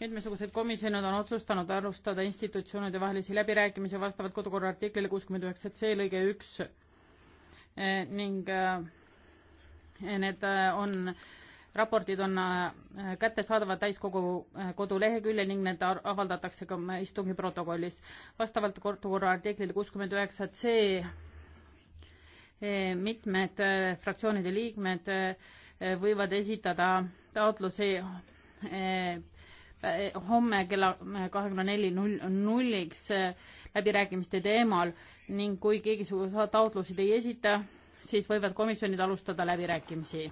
mitmesugused komisjonid on otsustanud alustada institutsioonide vahelisi läbirääkimisi vastavalt kodukorra artiklile kuuskümmend üheksa C lõige üks eh, ning eh, need eh, on, raportid on kättesaadavad täiskogu koduleheküljel ning need avaldatakse ka istungi protokollis. vastavalt kodukorra artiklile kuuskümmend üheksa C mitmed fraktsioonide liikmed võivad esitada taotlusi Eh, homme kella eh, kahekümne neli null nulliks eh, läbirääkimiste teemal ning kui keegi taotlusi ei esita, siis võivad komisjonid alustada läbirääkimisi.